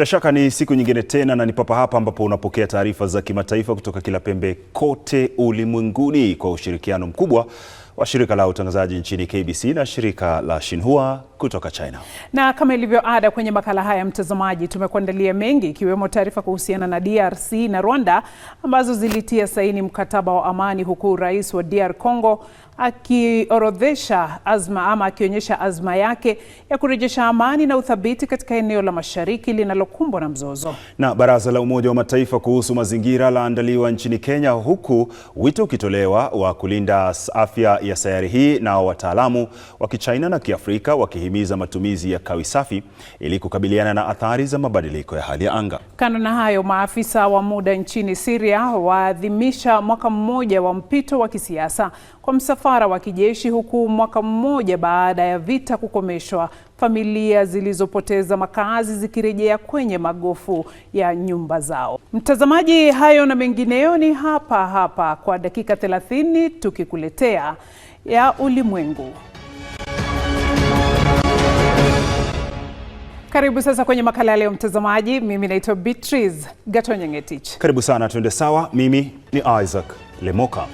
Bila shaka ni siku nyingine tena na ni papa hapa ambapo unapokea taarifa za kimataifa kutoka kila pembe kote ulimwenguni kwa ushirikiano mkubwa wa shirika la utangazaji nchini KBC na shirika la Xinhua kutoka China. Na kama ilivyo ada kwenye makala haya, mtazamaji, tumekuandalia mengi ikiwemo taarifa kuhusiana na DRC na Rwanda ambazo zilitia saini mkataba wa amani huku rais wa DR Congo akiorodhesha azma ama akionyesha azma yake ya kurejesha amani na uthabiti katika eneo la Mashariki linalokumbwa na mzozo. Na Baraza la Umoja wa Mataifa kuhusu mazingira laandaliwa nchini Kenya huku wito ukitolewa wa kulinda afya ya sayari hii na wataalamu wa Kichina na Kiafrika wakihimiza matumizi ya kawi safi ili kukabiliana na athari za mabadiliko ya hali ya anga. Kando na hayo, maafisa wa muda nchini siria waadhimisha mwaka mmoja wa mpito wa kisiasa kwa msafara msafara wa kijeshi huku mwaka mmoja baada ya vita kukomeshwa, familia zilizopoteza makazi zikirejea kwenye magofu ya nyumba zao. Mtazamaji, hayo na mengineyo ni hapa hapa kwa dakika 30 tukikuletea ya ulimwengu. Karibu sasa kwenye makala ya leo mtazamaji. Mimi naitwa Beatrice Gatonyengetich. Karibu sana, tuende sawa. Mimi ni Isaac Lemoka.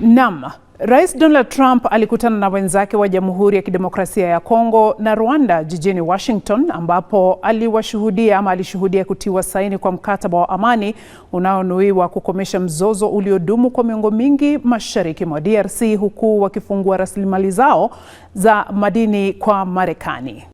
Naam, Rais Donald Trump alikutana na wenzake wa Jamhuri ya Kidemokrasia ya Kongo na Rwanda jijini Washington ambapo aliwashuhudia ama alishuhudia kutiwa saini kwa mkataba wa amani unaonuiwa kukomesha mzozo uliodumu kwa miongo mingi mashariki mwa DRC huku wakifungua rasilimali zao za madini kwa Marekani.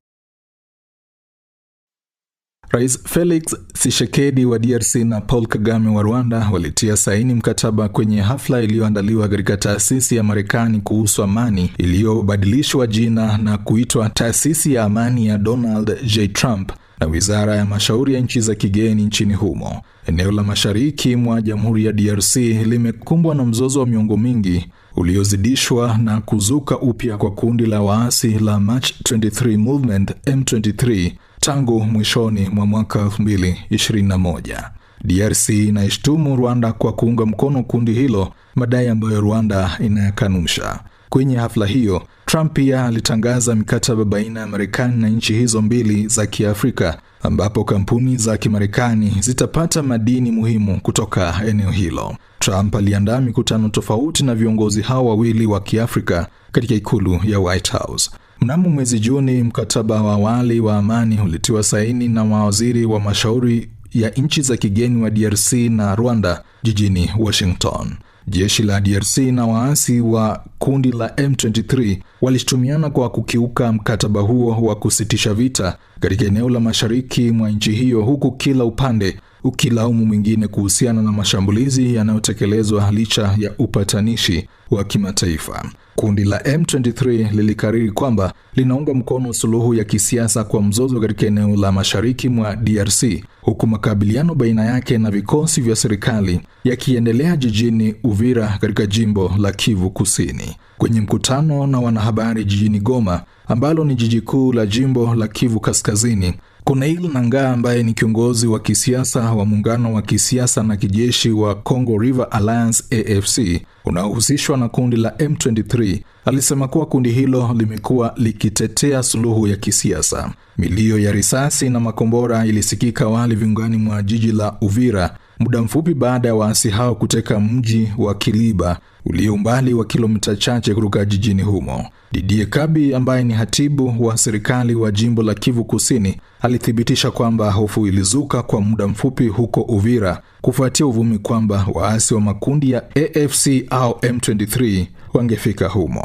Rais Felix Tshisekedi wa DRC na Paul Kagame wa Rwanda walitia saini mkataba kwenye hafla iliyoandaliwa katika taasisi ya Marekani kuhusu amani iliyobadilishwa jina na kuitwa Taasisi ya Amani ya Donald J. Trump na Wizara ya Mashauri ya Nchi za Kigeni nchini humo. Eneo la mashariki mwa Jamhuri ya DRC limekumbwa na mzozo wa miongo mingi uliozidishwa na kuzuka upya kwa kundi la waasi la March 23 Movement M23 tangu mwishoni mwa mwaka 2021. DRC inaishtumu Rwanda kwa kuunga mkono kundi hilo, madai ambayo Rwanda inayakanusha. Kwenye hafla hiyo, Trump pia alitangaza mikataba baina ya Marekani na nchi hizo mbili za Kiafrika ambapo kampuni za Kimarekani zitapata madini muhimu kutoka eneo hilo. Trump aliandaa mikutano tofauti na viongozi hao wawili wa Kiafrika katika ikulu ya White House. Mnamo mwezi Juni, mkataba wa awali wa amani ulitiwa saini na mawaziri wa mashauri ya nchi za kigeni wa DRC na Rwanda jijini Washington. Jeshi la DRC na waasi wa kundi la M23 walishutumiana kwa kukiuka mkataba huo wa kusitisha vita katika eneo la mashariki mwa nchi hiyo, huku kila upande ukilaumu mwingine kuhusiana na mashambulizi yanayotekelezwa licha ya upatanishi wa kimataifa. Kundi la M23 lilikariri kwamba linaunga mkono suluhu ya kisiasa kwa mzozo katika eneo la mashariki mwa DRC huku makabiliano baina yake na vikosi vya serikali yakiendelea jijini Uvira katika jimbo la Kivu Kusini. Kwenye mkutano na wanahabari jijini Goma ambalo ni jiji kuu la jimbo la Kivu Kaskazini, Corneille Nangaa ambaye ni kiongozi wa kisiasa wa muungano wa kisiasa na kijeshi wa Congo River Alliance AFC unaohusishwa na kundi la M23 alisema kuwa kundi hilo limekuwa likitetea suluhu ya kisiasa. Milio ya risasi na makombora ilisikika wali viungani mwa jiji la Uvira Muda mfupi baada ya waasi hao kuteka mji wa Kiliba ulio umbali wa kilomita chache kutoka jijini humo. Didier Kabi ambaye ni hatibu wa serikali wa jimbo la Kivu Kusini alithibitisha kwamba hofu ilizuka kwa muda mfupi huko Uvira kufuatia uvumi kwamba waasi wa makundi ya AFC au M23 wangefika humo.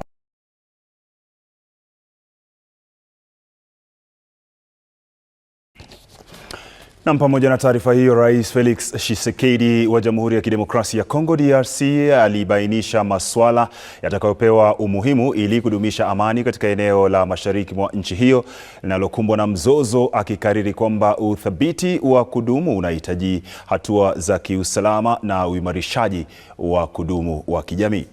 Na pamoja na taarifa hiyo, Rais Felix Tshisekedi wa Jamhuri ya Kidemokrasia ya Kongo DRC alibainisha masuala yatakayopewa umuhimu ili kudumisha amani katika eneo la mashariki mwa nchi hiyo linalokumbwa na mzozo, akikariri kwamba uthabiti wa kudumu unahitaji hatua za kiusalama na uimarishaji wa kudumu wa kijamii.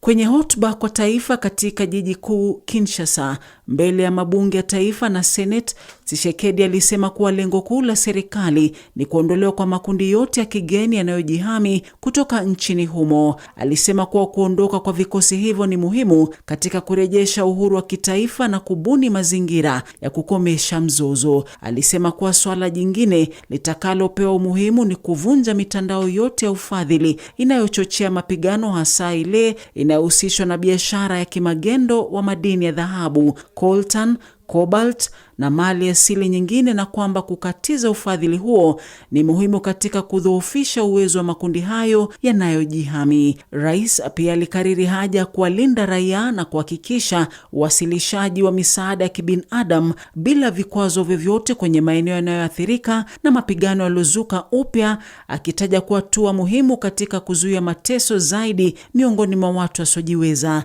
Kwenye hotuba kwa taifa katika jiji kuu Kinshasa, mbele ya mabunge ya taifa na Seneti, Tshisekedi alisema kuwa lengo kuu la serikali ni kuondolewa kwa makundi yote ya kigeni yanayojihami kutoka nchini humo. Alisema kuwa kuondoka kwa vikosi hivyo ni muhimu katika kurejesha uhuru wa kitaifa na kubuni mazingira ya kukomesha mzozo. Alisema kuwa suala jingine litakalopewa umuhimu ni kuvunja mitandao yote ya ufadhili inayochochea mapigano, hasa ile inayohusishwa na biashara ya kimagendo wa madini ya dhahabu coltan, cobalt na mali asili nyingine, na kwamba kukatiza ufadhili huo ni muhimu katika kudhoofisha uwezo wa makundi hayo yanayojihami. Rais pia alikariri haja ya kuwalinda raia na kuhakikisha uwasilishaji wa misaada ya kibinadamu bila vikwazo vyovyote kwenye maeneo yanayoathirika na mapigano yaliyozuka upya, akitaja kuwa hatua muhimu katika kuzuia mateso zaidi miongoni mwa watu wasiojiweza.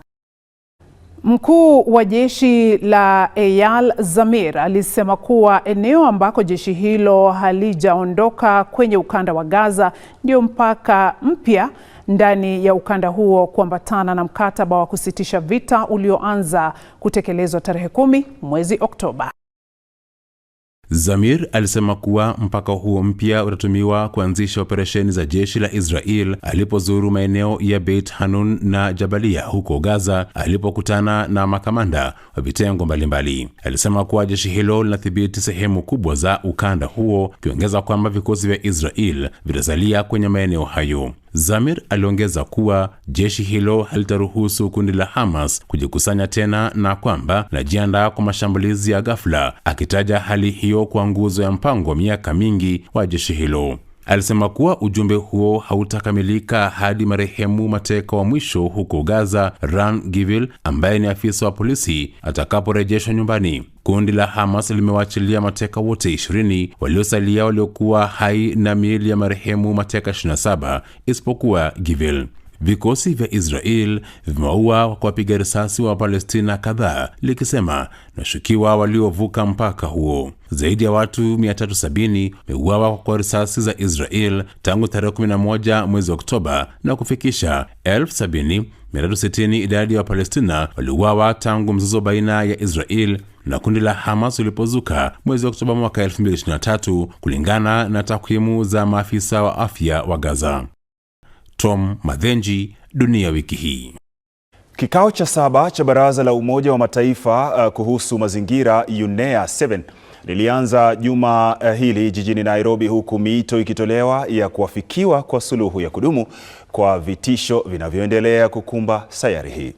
Mkuu wa jeshi la Eyal Zamir alisema kuwa eneo ambako jeshi hilo halijaondoka kwenye ukanda wa Gaza ndio mpaka mpya ndani ya ukanda huo kuambatana na mkataba wa kusitisha vita ulioanza kutekelezwa tarehe kumi mwezi Oktoba. Zamir alisema kuwa mpaka huo mpya utatumiwa kuanzisha operesheni za jeshi la Israel alipozuru maeneo ya Beit Hanun na Jabalia huko Gaza alipokutana na makamanda wa vitengo mbalimbali. Alisema kuwa jeshi hilo linathibiti sehemu kubwa za ukanda huo, ukiongeza kwamba vikosi vya Israel vitasalia kwenye maeneo hayo. Zamir aliongeza kuwa jeshi hilo halitaruhusu kundi la Hamas kujikusanya tena na kwamba linajiandaa kwa mashambulizi ya ghafla, akitaja hali hiyo kwa nguzo ya mpango wa miaka mingi wa jeshi hilo. Alisema kuwa ujumbe huo hautakamilika hadi marehemu mateka wa mwisho huko Gaza, Ran Givil, ambaye ni afisa wa polisi, atakaporejeshwa nyumbani. Kundi la Hamas limewaachilia mateka wote 20 waliosalia waliokuwa hai na miili ya marehemu mateka 27 isipokuwa Givil. Vikosi vya Israel vimewaua kwa wapiga risasi wa Palestina kadhaa likisema nashukiwa waliovuka mpaka huo. Zaidi ya watu 370 wameuawa kwa risasi za Israel tangu tarehe 11 mwezi Oktoba na kufikisha 70 360 idadi ya wa Wapalestina waliuawa tangu mzozo baina ya Israel na kundi la Hamas ulipozuka mwezi wa Oktoba mwaka 223 kulingana na takwimu za maafisa wa afya wa Gaza. Tom Madhenji, Dunia Wiki Hii. Kikao cha saba cha Baraza la Umoja wa Mataifa uh, kuhusu mazingira UNEA 7 lilianza juma eh, hili jijini Nairobi, huku miito ikitolewa ya kuafikiwa kwa suluhu ya kudumu kwa vitisho vinavyoendelea kukumba sayari hii.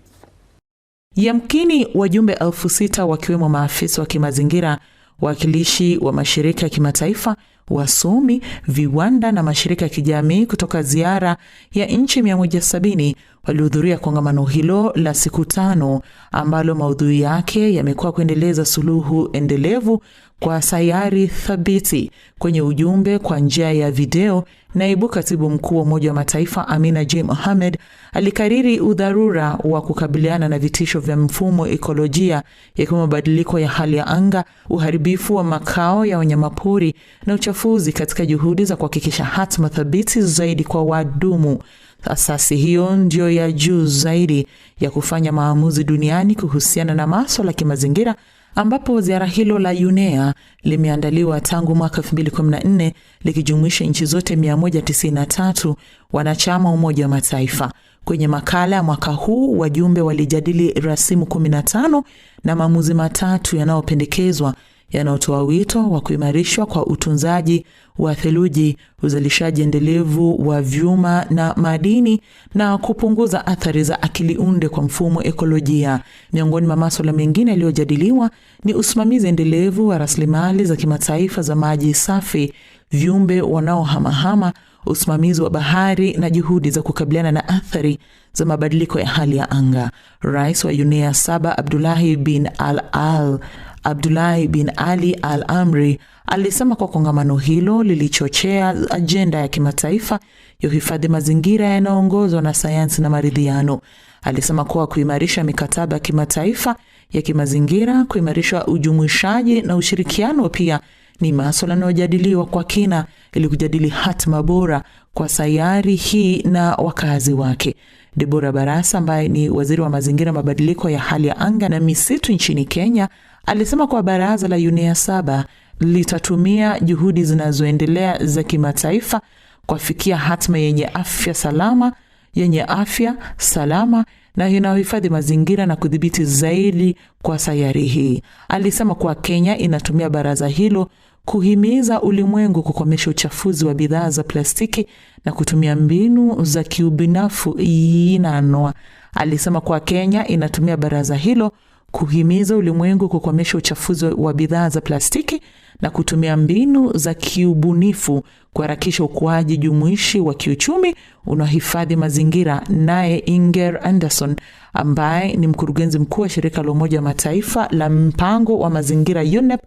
Yamkini wajumbe elfu sita wakiwemo maafisa wa kimazingira, wawakilishi wa mashirika ya kimataifa, wasomi, viwanda na mashirika ya kijamii kutoka ziara ya nchi 170 walihudhuria kongamano hilo la siku tano ambalo maudhui yake yamekuwa kuendeleza suluhu endelevu kwa sayari thabiti. Kwenye ujumbe kwa njia ya video, naibu katibu mkuu wa Umoja wa Mataifa Amina J Mohamed alikariri udharura wa kukabiliana na vitisho vya mfumo ekolojia, yakiwemo mabadiliko ya hali ya anga, uharibifu wa makao ya wanyamapori na uchafu uchafuzi katika juhudi za kuhakikisha hatma thabiti zaidi kwa wadumu. Asasi hiyo ndiyo ya juu zaidi ya kufanya maamuzi duniani kuhusiana na maswala ya kimazingira ambapo ziara hilo la UNEA limeandaliwa tangu mwaka 2014 likijumuisha nchi zote 193 wanachama Umoja wa Mataifa. Kwenye makala ya mwaka huu wajumbe walijadili rasimu 15 na maamuzi matatu yanayopendekezwa yanayotoa wito wa kuimarishwa kwa utunzaji wa theluji, uzalishaji endelevu wa vyuma na madini na kupunguza athari za akili unde kwa mfumo ekolojia. Miongoni mwa masuala mengine yaliyojadiliwa ni usimamizi endelevu wa rasilimali za kimataifa za maji safi, viumbe wanaohamahama, usimamizi wa bahari na juhudi za kukabiliana na athari za mabadiliko ya hali ya anga. Rais wa UNEA Saba Abdullahi bin Al Al Abdulahi bin Ali Al Amri alisema kwa kongamano hilo lilichochea ajenda ya kimataifa ya uhifadhi mazingira yanayoongozwa na sayansi na maridhiano. Alisema kuwa kuimarisha mikataba ya kimataifa ya kimazingira, kuimarisha ujumuishaji na ushirikiano pia ni masuala yanayojadiliwa kwa kina ili kujadili hatima bora kwa sayari hii na wakazi wake. Debora Barasa ambaye ni waziri wa mazingira, mabadiliko ya hali ya anga na misitu nchini Kenya Alisema kuwa baraza la saba litatumia juhudi zinazoendelea za kimataifa kuafikia hatma yenye afya salama yenye afya salama na inayohifadhi mazingira na kudhibiti zaidi kwa sayari hii. Alisema kuwa Kenya inatumia baraza hilo kuhimiza ulimwengu kukomesha uchafuzi wa bidhaa za plastiki na kutumia mbinu za kiubinafu inanoa. Alisema kuwa Kenya inatumia baraza hilo kuhimiza ulimwengu kukomesha uchafuzi wa bidhaa za plastiki na kutumia mbinu za kiubunifu kuharakisha ukuaji jumuishi wa kiuchumi unaohifadhi mazingira. Naye Inger Anderson ambaye ni mkurugenzi mkuu wa shirika la Umoja wa Mataifa la mpango wa mazingira UNEP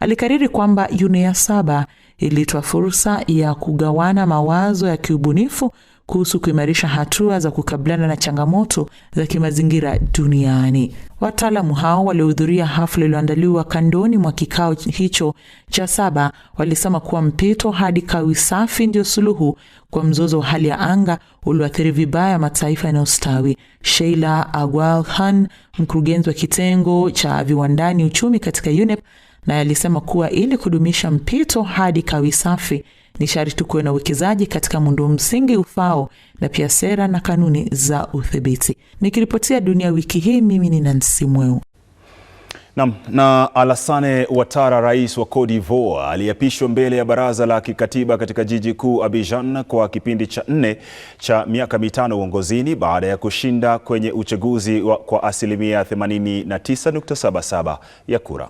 alikariri kwamba unia ya saba ilitoa fursa ya kugawana mawazo ya kiubunifu kuhusu kuimarisha hatua za kukabiliana na changamoto za kimazingira duniani. Wataalamu hao waliohudhuria hafla iliyoandaliwa kandoni mwa kikao hicho cha saba walisema kuwa mpito hadi kawi safi ndio suluhu kwa mzozo wa hali ya anga ulioathiri vibaya mataifa yanayostawi. Sheila Agwalhan, mkurugenzi wa kitengo cha viwandani uchumi katika UNEP, naye alisema kuwa ili kudumisha mpito hadi kawi safi ni tu kuwe na uwekezaji katika muundo msingi ufao na pia sera na kanuni za udhibiti. Nikiripotia Dunia Wiki Hii, mimi ni nansi Mweu. Nam na Alassane watara rais wa Cote d'Ivoire, aliyeapishwa mbele ya baraza la kikatiba katika jiji kuu abijan kwa kipindi cha nne cha miaka mitano uongozini baada ya kushinda kwenye uchaguzi kwa asilimia 89.77 ya kura.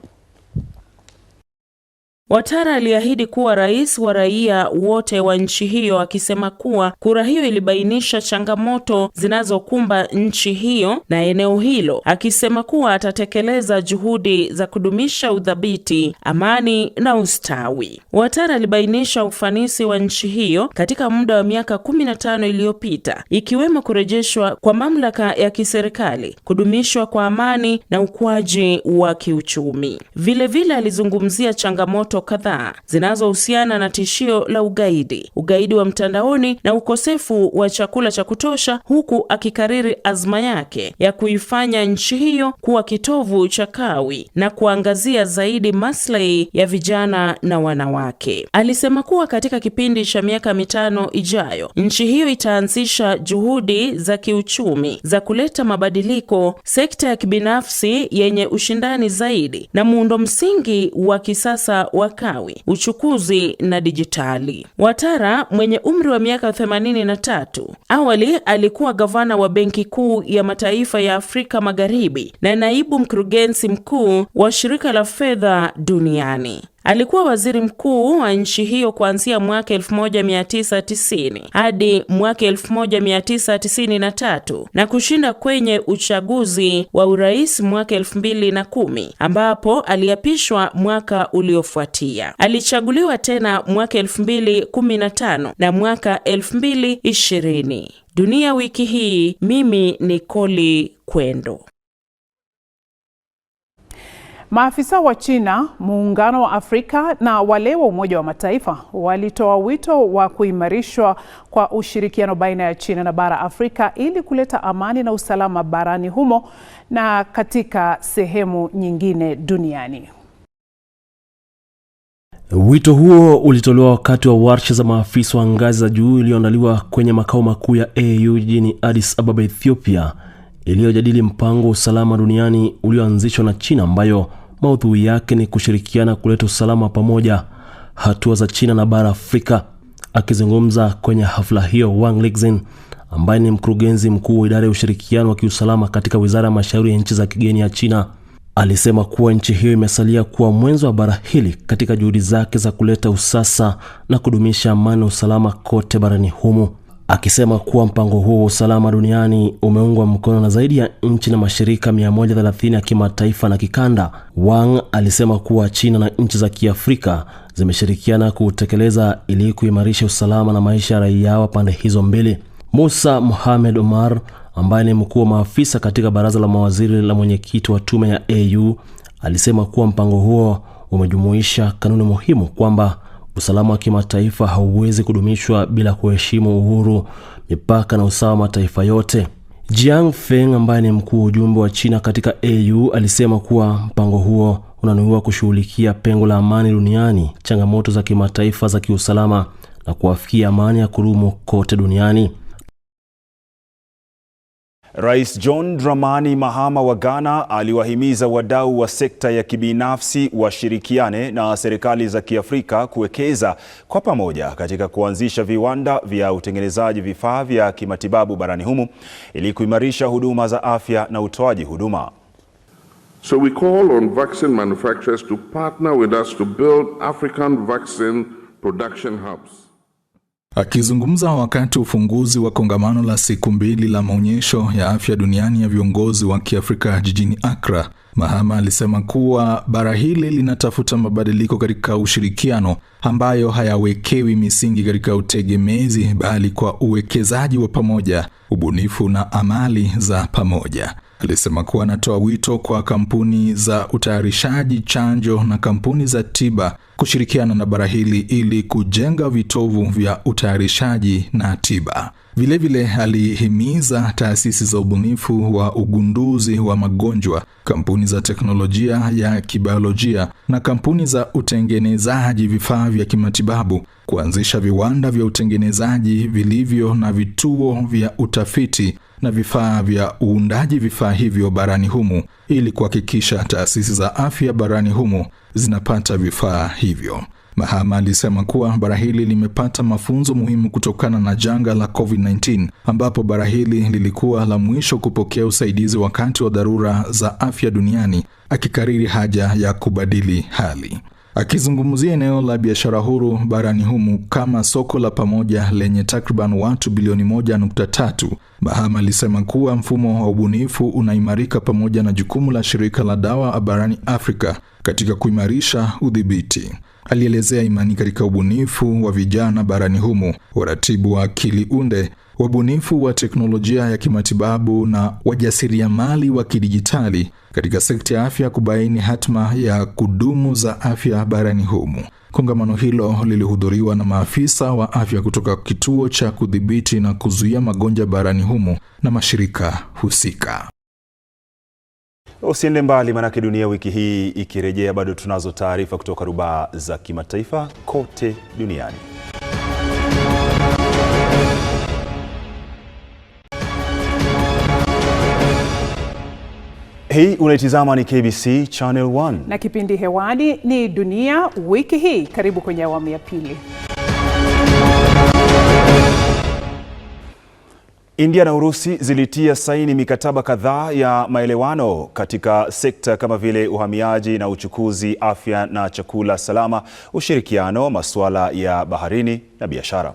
Watara aliahidi kuwa rais wa raia wote wa nchi hiyo, akisema kuwa kura hiyo ilibainisha changamoto zinazokumba nchi hiyo na eneo hilo, akisema kuwa atatekeleza juhudi za kudumisha udhabiti, amani na ustawi. Watara alibainisha ufanisi wa nchi hiyo katika muda wa miaka tano iliyopita, ikiwemo kurejeshwa kwa mamlaka ya kiserikali, kudumishwa kwa amani na ukuaji wa kiuchumi. Vilevile alizungumzia changamoto changamoto kadhaa zinazohusiana na tishio la ugaidi, ugaidi wa mtandaoni na ukosefu wa chakula cha kutosha, huku akikariri azma yake ya kuifanya nchi hiyo kuwa kitovu cha kawi na kuangazia zaidi maslahi ya vijana na wanawake. Alisema kuwa katika kipindi cha miaka mitano ijayo, nchi hiyo itaanzisha juhudi za kiuchumi za kuleta mabadiliko, sekta ya kibinafsi yenye ushindani zaidi na muundo msingi wa kisasa wa makawi, uchukuzi na dijitali. Watara mwenye umri wa miaka 83 awali alikuwa gavana wa Benki Kuu ya Mataifa ya Afrika Magharibi na naibu mkurugenzi mkuu wa Shirika la Fedha Duniani. Alikuwa waziri mkuu wa nchi hiyo kuanzia mwaka 1990 hadi mwaka 1993 na kushinda kwenye uchaguzi wa urais mwaka 2010 ambapo aliapishwa mwaka uliofuatia. Alichaguliwa tena mwaka 2015 na mwaka 2020. Dunia Wiki Hii, mimi ni Koli Kwendo. Maafisa wa China, Muungano wa Afrika na wale wa Umoja wa Mataifa walitoa wito wa kuimarishwa kwa ushirikiano baina ya China na bara Afrika ili kuleta amani na usalama barani humo na katika sehemu nyingine duniani. Wito huo ulitolewa wakati wa warsha za maafisa wa ngazi za juu iliyoandaliwa kwenye makao makuu ya AU jijini Addis Ababa, Ethiopia, iliyojadili mpango wa usalama duniani ulioanzishwa na China ambayo maudhui yake ni kushirikiana kuleta usalama pamoja, hatua za China na bara Afrika. Akizungumza kwenye hafla hiyo, Wang Lixin ambaye ni mkurugenzi mkuu wa idara ya ushirikiano wa kiusalama katika wizara ya mashauri ya nchi za kigeni ya China alisema kuwa nchi hiyo imesalia kuwa mwenzo wa bara hili katika juhudi zake za kuleta usasa na kudumisha amani na usalama kote barani humo akisema kuwa mpango huo wa usalama duniani umeungwa mkono na zaidi ya nchi na mashirika 130 ya kimataifa na kikanda. Wang alisema kuwa China na nchi za Kiafrika zimeshirikiana kutekeleza ili kuimarisha usalama na maisha ya raia wa pande hizo mbili. Musa Mohamed Omar ambaye ni mkuu wa maafisa katika baraza la mawaziri la mwenyekiti wa tume ya AU alisema kuwa mpango huo umejumuisha kanuni muhimu kwamba Usalama wa kimataifa hauwezi kudumishwa bila kuheshimu uhuru, mipaka na usawa wa mataifa yote. Jiang Feng ambaye ni mkuu wa ujumbe wa China katika AU alisema kuwa mpango huo unanuiwa kushughulikia pengo la amani duniani, changamoto za kimataifa za kiusalama na kuafikia amani ya kudumu kote duniani. Rais John Dramani Mahama wa Ghana aliwahimiza wadau wa sekta ya kibinafsi washirikiane na serikali za Kiafrika kuwekeza kwa pamoja katika kuanzisha viwanda vya utengenezaji vifaa vya kimatibabu barani humu ili kuimarisha huduma za afya na utoaji huduma. So we call on vaccine manufacturers to partner with us to build African vaccine production hubs. Akizungumza wakati ufunguzi wa kongamano la siku mbili la maonyesho ya afya duniani ya viongozi wa Kiafrika jijini Accra, Mahama alisema kuwa bara hili linatafuta mabadiliko katika ushirikiano ambayo hayawekewi misingi katika utegemezi bali kwa uwekezaji wa pamoja, ubunifu na amali za pamoja. Alisema kuwa anatoa wito kwa kampuni za utayarishaji chanjo na kampuni za tiba kushirikiana na bara hili ili kujenga vitovu vya utayarishaji na tiba. Vilevile alihimiza taasisi za ubunifu wa ugunduzi wa magonjwa, kampuni za teknolojia ya kibiolojia na kampuni za utengenezaji vifaa vya kimatibabu kuanzisha viwanda vya utengenezaji vilivyo na vituo vya utafiti na vifaa vya uundaji vifaa hivyo barani humu ili kuhakikisha taasisi za afya barani humu zinapata vifaa hivyo. Mahama alisema kuwa bara hili limepata mafunzo muhimu kutokana na janga la COVID-19 ambapo bara hili lilikuwa la mwisho kupokea usaidizi wakati wa dharura za afya duniani, akikariri haja ya kubadili hali. Akizungumzia eneo la biashara huru barani humu kama soko la pamoja lenye takriban watu bilioni 1.3, Bahama alisema kuwa mfumo wa ubunifu unaimarika pamoja na jukumu la shirika la dawa barani Afrika katika kuimarisha udhibiti. Alielezea imani katika ubunifu wa vijana barani humu, uratibu wa akili unde, wabunifu wa teknolojia ya kimatibabu na wajasiriamali wa kidijitali katika sekta ya afya kubaini hatma ya kudumu za afya barani humu. Kongamano hilo lilihudhuriwa na maafisa wa afya kutoka kituo cha kudhibiti na kuzuia magonjwa barani humu na mashirika husika. Usiende mbali manake dunia wiki hii ikirejea, bado tunazo taarifa kutoka rubaa za kimataifa kote duniani. Hii unaitizama ni KBC Channel 1 na kipindi hewani ni Dunia Wiki Hii. Karibu kwenye awamu ya pili. India na Urusi zilitia saini mikataba kadhaa ya maelewano katika sekta kama vile uhamiaji na uchukuzi, afya na chakula salama, ushirikiano, masuala ya baharini na biashara.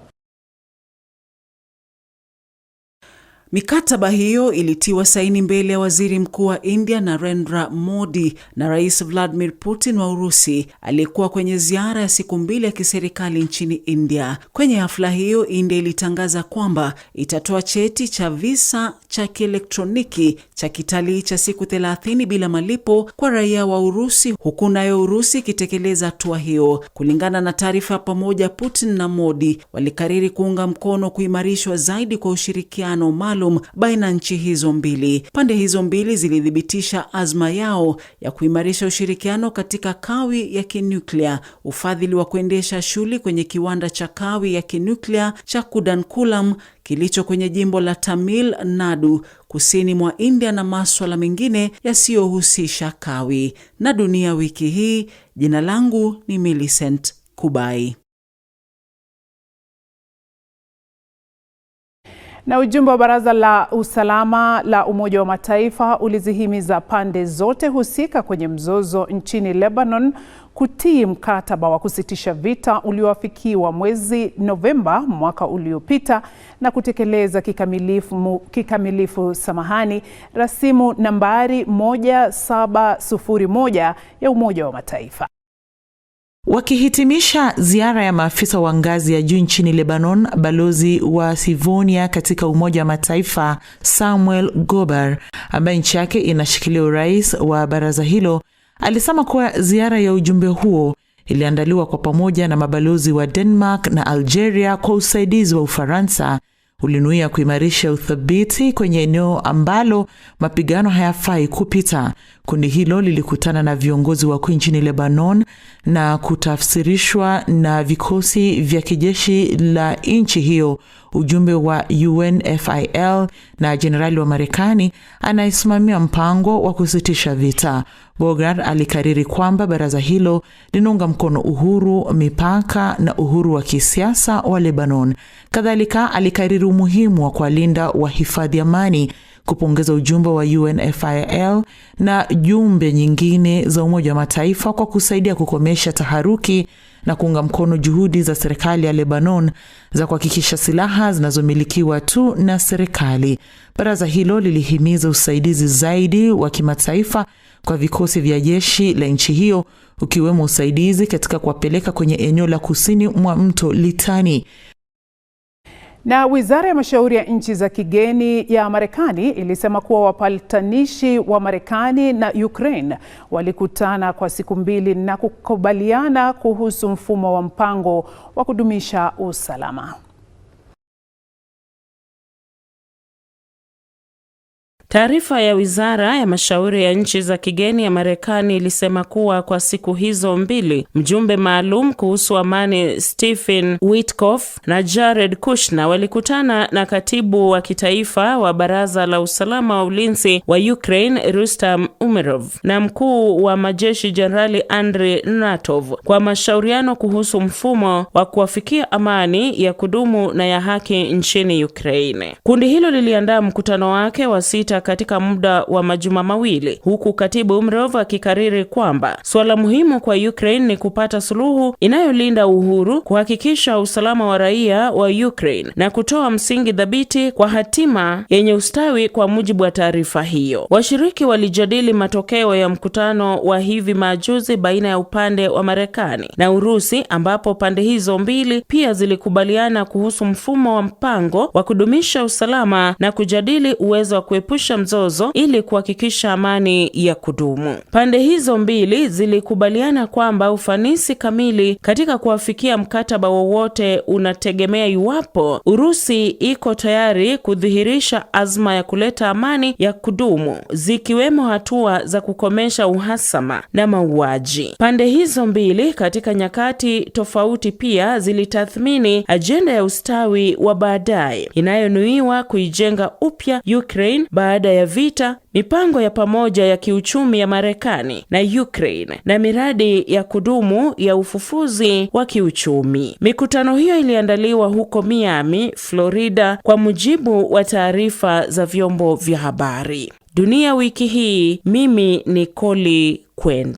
Mikataba hiyo ilitiwa saini mbele ya waziri mkuu wa India Narendra Modi na rais Vladimir Putin wa Urusi aliyekuwa kwenye ziara ya siku mbili ya kiserikali nchini India. Kwenye hafla hiyo, India ilitangaza kwamba itatoa cheti cha visa cha kielektroniki cha kitalii cha siku thelathini bila malipo kwa raia wa Urusi, huku nayo Urusi ikitekeleza hatua hiyo. Kulingana na taarifa pamoja, Putin na Modi walikariri kuunga mkono kuimarishwa zaidi kwa ushirikiano maalum maalum baina ya nchi hizo mbili. Pande hizo mbili zilithibitisha azma yao ya kuimarisha ushirikiano katika kawi ya kinuklia, ufadhili wa kuendesha shuli kwenye kiwanda cha kawi ya kinuklia cha Kudankulam kilicho kwenye jimbo la Tamil Nadu kusini mwa India na maswala mengine yasiyohusisha kawi. Na Dunia Wiki Hii, jina langu ni Millicent Kubai. Na ujumbe wa Baraza la Usalama la Umoja wa Mataifa ulizihimiza pande zote husika kwenye mzozo nchini Lebanon kutii mkataba wa kusitisha vita ulioafikiwa mwezi Novemba mwaka uliopita na kutekeleza kikamilifu, kikamilifu samahani, rasimu nambari 1701 ya Umoja wa Mataifa. Wakihitimisha ziara ya maafisa wa ngazi ya juu nchini Lebanon, balozi wa Sivonia katika Umoja wa Mataifa Samuel Gobar, ambaye nchi yake inashikilia urais wa baraza hilo, alisema kuwa ziara ya ujumbe huo iliandaliwa kwa pamoja na mabalozi wa Denmark na Algeria kwa usaidizi wa Ufaransa ulinuia kuimarisha uthabiti kwenye eneo ambalo mapigano hayafai kupita. Kundi hilo lilikutana na viongozi wakuu nchini Lebanon na kutafsirishwa na vikosi vya kijeshi la nchi hiyo ujumbe wa UNFIL na jenerali wa Marekani anayesimamia mpango wa kusitisha vita. Bogard alikariri kwamba baraza hilo linaunga mkono uhuru, mipaka na uhuru wa kisiasa wa Lebanon. Kadhalika alikariri umuhimu wa kuwalinda wahifadhi amani, kupongeza ujumbe wa UNFIL na jumbe nyingine za Umoja wa Mataifa kwa kusaidia kukomesha taharuki na kuunga mkono juhudi za serikali ya Lebanon za kuhakikisha silaha zinazomilikiwa tu na serikali. Baraza hilo lilihimiza usaidizi zaidi wa kimataifa kwa vikosi vya jeshi la nchi hiyo ukiwemo usaidizi katika kuwapeleka kwenye eneo la kusini mwa mto Litani. Na wizara ya mashauri ya nchi za kigeni ya Marekani ilisema kuwa wapatanishi wa Marekani na Ukraine walikutana kwa siku mbili na kukubaliana kuhusu mfumo wa mpango wa kudumisha usalama. Taarifa ya Wizara ya Mashauri ya Nchi za Kigeni ya Marekani ilisema kuwa kwa siku hizo mbili, mjumbe maalum kuhusu amani Stephen Witkoff na Jared Kushner walikutana na katibu wa kitaifa wa Baraza la Usalama wa Ulinzi wa Ukraine Rustam Umerov na mkuu wa majeshi Jenerali Andrei Natov kwa mashauriano kuhusu mfumo wa kuwafikia amani ya kudumu na ya haki nchini Ukraine. Kundi hilo liliandaa mkutano wake wa sita katika muda wa majuma mawili, huku katibu umrov akikariri kwamba suala muhimu kwa Ukraine ni kupata suluhu inayolinda uhuru, kuhakikisha usalama wa raia wa Ukraine na kutoa msingi dhabiti kwa hatima yenye ustawi. Kwa mujibu wa taarifa hiyo, washiriki walijadili matokeo ya mkutano wa hivi majuzi baina ya upande wa Marekani na Urusi, ambapo pande hizo mbili pia zilikubaliana kuhusu mfumo wa mpango wa kudumisha usalama na kujadili uwezo wa kuepusha kusitisha mzozo ili kuhakikisha amani ya kudumu. Pande hizo mbili zilikubaliana kwamba ufanisi kamili katika kuafikia mkataba wowote unategemea iwapo Urusi iko tayari kudhihirisha azma ya kuleta amani ya kudumu, zikiwemo hatua za kukomesha uhasama na mauaji. Pande hizo mbili katika nyakati tofauti pia zilitathmini ajenda ya ustawi wa baadaye inayonuiwa kuijenga upya Ukraine baada baada ya vita, mipango ya pamoja ya kiuchumi ya Marekani na Ukraine na miradi ya kudumu ya ufufuzi wa kiuchumi. Mikutano hiyo iliandaliwa huko Miami, Florida, kwa mujibu wa taarifa za vyombo vya habari. Dunia Wiki Hii, mimi ni Koli Kwen.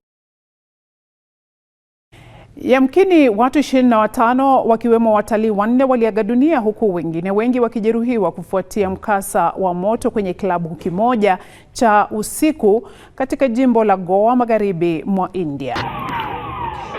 Yamkini watu ishirini na watano wakiwemo watalii wanne waliaga dunia huku wengine wengi wakijeruhiwa kufuatia mkasa wa moto kwenye klabu kimoja cha usiku katika jimbo la Goa magharibi mwa India.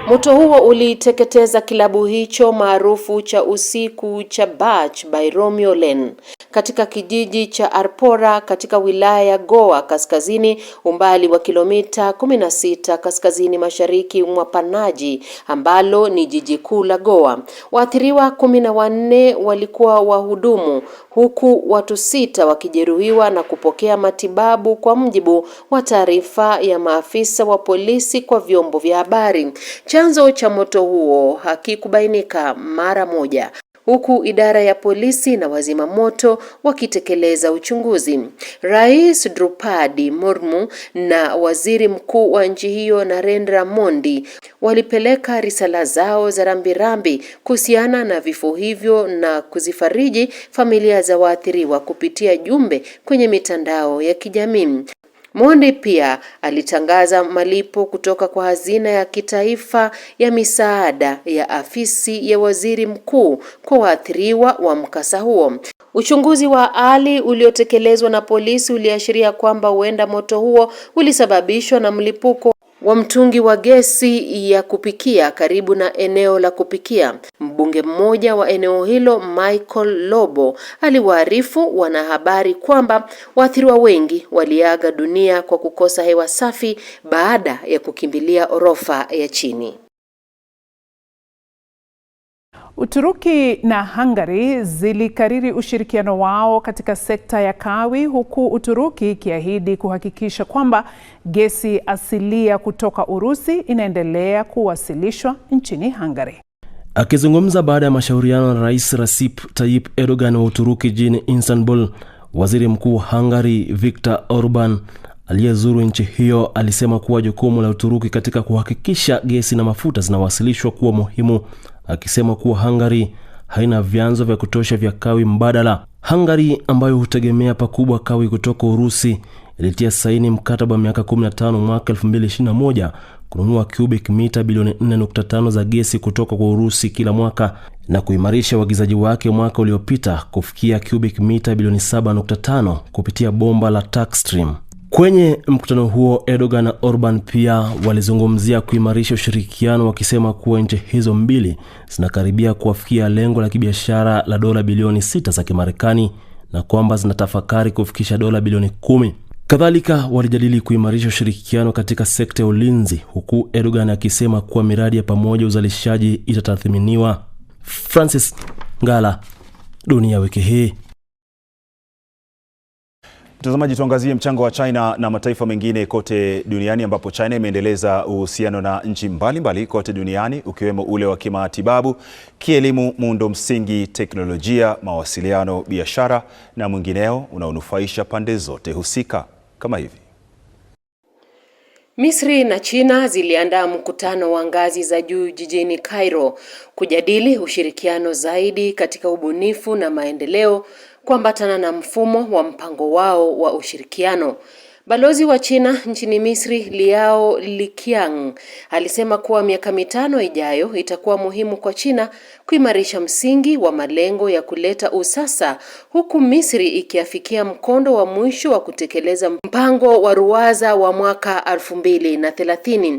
Moto huo uliteketeza kilabu hicho maarufu cha usiku cha Bach by Romeo Lane katika kijiji cha Arpora katika wilaya ya Goa Kaskazini, umbali wa kilomita 16 kaskazini mashariki mwa Panaji, ambalo ni jiji kuu la Goa. Waathiriwa kumi na wanne walikuwa wahudumu, huku watu sita wakijeruhiwa na kupokea matibabu matibabu kwa mujibu wa taarifa ya maafisa wa polisi kwa vyombo vya habari. Chanzo cha moto huo hakikubainika mara moja huku idara ya polisi na wazima moto wakitekeleza uchunguzi. Rais Drupadi Murmu na waziri mkuu wa nchi hiyo Narendra Modi walipeleka risala zao za rambirambi kuhusiana na vifo hivyo na kuzifariji familia za waathiriwa kupitia jumbe kwenye mitandao ya kijamii. Monde pia alitangaza malipo kutoka kwa hazina ya kitaifa ya misaada ya afisi ya waziri mkuu kwa waathiriwa wa mkasa huo. Uchunguzi wa awali uliotekelezwa na polisi uliashiria kwamba huenda moto huo ulisababishwa na mlipuko wa mtungi wa gesi ya kupikia karibu na eneo la kupikia. Mbunge mmoja wa eneo hilo Michael Lobo aliwaarifu wanahabari kwamba waathiriwa wengi waliaga dunia kwa kukosa hewa safi baada ya kukimbilia orofa ya chini. Uturuki na Hungary zilikariri ushirikiano wao katika sekta ya kawi huku Uturuki ikiahidi kuhakikisha kwamba gesi asilia kutoka Urusi inaendelea kuwasilishwa nchini Hungary. Akizungumza baada ya mashauriano na Rais Recep Tayyip Erdogan wa Uturuki jijini Istanbul, Waziri Mkuu wa Hungary Viktor Orban aliyezuru nchi hiyo alisema kuwa jukumu la Uturuki katika kuhakikisha gesi na mafuta zinawasilishwa kuwa muhimu akisema kuwa Hungary haina vyanzo vya kutosha vya kawi mbadala. Hungary ambayo hutegemea pakubwa kawi kutoka Urusi ilitia saini mkataba wa miaka 15 mwaka 2021 kununua cubic mita bilioni 4.5 za gesi kutoka kwa Urusi kila mwaka na kuimarisha uagizaji wake mwaka uliopita kufikia cubic mita bilioni 7.5 kupitia bomba la TurkStream. Kwenye mkutano huo Erdogan na Orban pia walizungumzia kuimarisha ushirikiano wakisema kuwa nchi hizo mbili zinakaribia kuwafikia lengo la kibiashara la dola bilioni sita za Kimarekani na kwamba zinatafakari kufikisha dola bilioni kumi. Kadhalika walijadili kuimarisha ushirikiano katika sekta ya ulinzi, huku Erdogan akisema kuwa miradi ya pamoja uzalishaji itatathiminiwa Francis Ngala, Dunia Wiki Hii. Mtazamaji, tuangazie mchango wa China na mataifa mengine kote duniani ambapo China imeendeleza uhusiano na nchi mbalimbali kote duniani ukiwemo ule wa kimatibabu, kielimu, muundo msingi, teknolojia, mawasiliano, biashara na mwingineo unaonufaisha pande zote husika kama hivi. Misri na China ziliandaa mkutano wa ngazi za juu jijini Cairo kujadili ushirikiano zaidi katika ubunifu na maendeleo kuambatana na mfumo wa mpango wao wa ushirikiano. Balozi wa China nchini Misri Liao Liqiang alisema kuwa miaka mitano ijayo itakuwa muhimu kwa China kuimarisha msingi wa malengo ya kuleta usasa huku Misri ikiafikia mkondo wa mwisho wa kutekeleza mpango wa Ruwaza wa mwaka 2030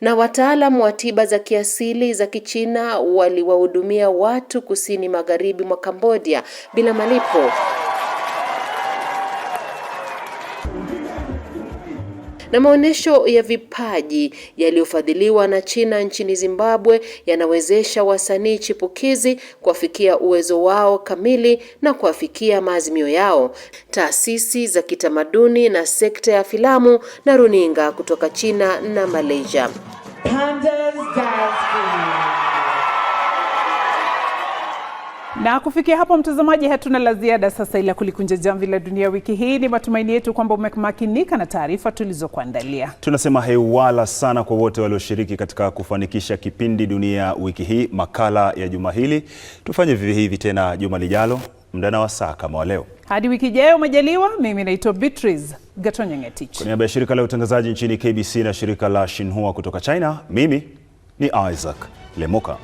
na wataalam wa tiba za kiasili za Kichina waliwahudumia watu kusini magharibi mwa kambodia bila malipo na maonyesho ya vipaji yaliyofadhiliwa na China nchini Zimbabwe yanawezesha wasanii chipukizi kuwafikia uwezo wao kamili na kuwafikia maazimio yao. Taasisi za kitamaduni na sekta ya filamu na runinga kutoka China na Malaysia. Na kufikia hapo, mtazamaji, hatuna la ziada sasa, ila kulikunja jamvi la dunia wiki hii. Ni matumaini yetu kwamba umemakinika na taarifa tulizokuandalia. Tunasema hewala sana kwa wote walioshiriki katika kufanikisha kipindi Dunia Wiki Hii, makala ya juma hili. Tufanye vivi hivi tena juma lijalo, mdana wa wasaa kama wa leo. Hadi wiki ijayo, umejaliwa. Mimi naitwa Beatrice Gatonya Ngetich, kwa niaba ya shirika la utangazaji nchini KBC na shirika la Shinhua kutoka China. Mimi ni Isaac Lemoka.